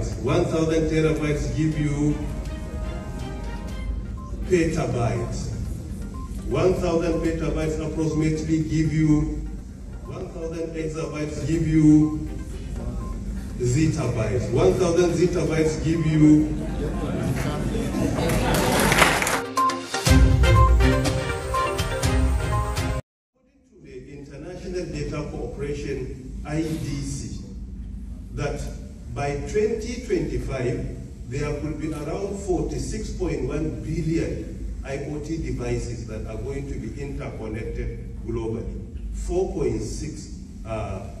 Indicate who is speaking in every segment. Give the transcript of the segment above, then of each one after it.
Speaker 1: terabytes. 1,000 terabytes give you petabytes. 1,000 petabytes approximately give you 1,000 exabytes give you zettabytes. 1,000 zettabytes give you According to the International Data Corporation, IDC, that by 2025, there will be around 46.1 billion IoT devices that are going to be interconnected globally. 4.6, uh,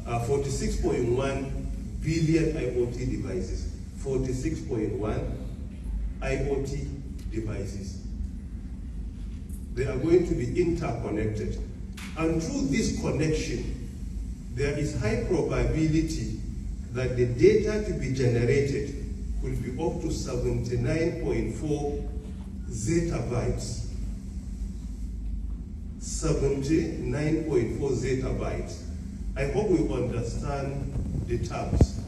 Speaker 1: uh, 46.1 billion IoT devices. 46.1 IoT devices. They are going to be interconnected. And through this connection, there is high probability that the data to be generated could be up to 79.4 zettabytes. 79.4 zettabytes. I hope we understand the terms.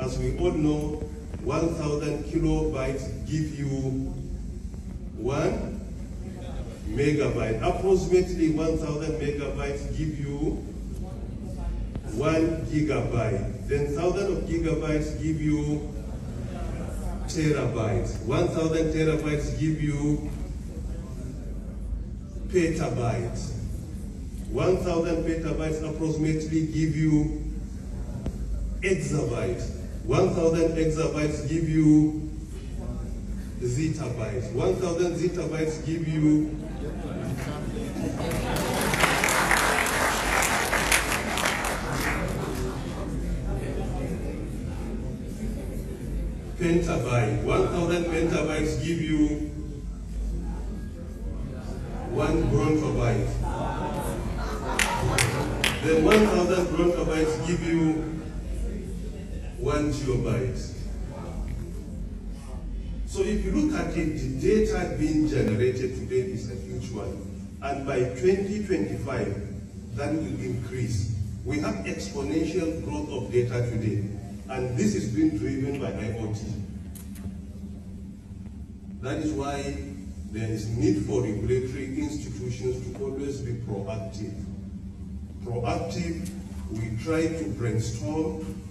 Speaker 1: As we all know, 1,000 kilobytes give you one megabyte. Approximately 1,000 megabytes give you one gigabyte. Then thousand of gigabytes give you terabytes. One thousand terabytes give you petabytes. One thousand petabytes approximately give you exabytes. One thousand exabytes give you zettabytes. One thousand zettabytes give you petabyte. 1,000 petabytes give you one bronchobyte. Then 1,000 bronchobytes give you one gigabyte. So if you look at it, the data being generated today is a huge one. And by 2025, that will increase. We have exponential growth of data today. And this is being driven by IoT. That is why there is need for regulatory institutions to always be proactive. Proactive, we try to brainstorm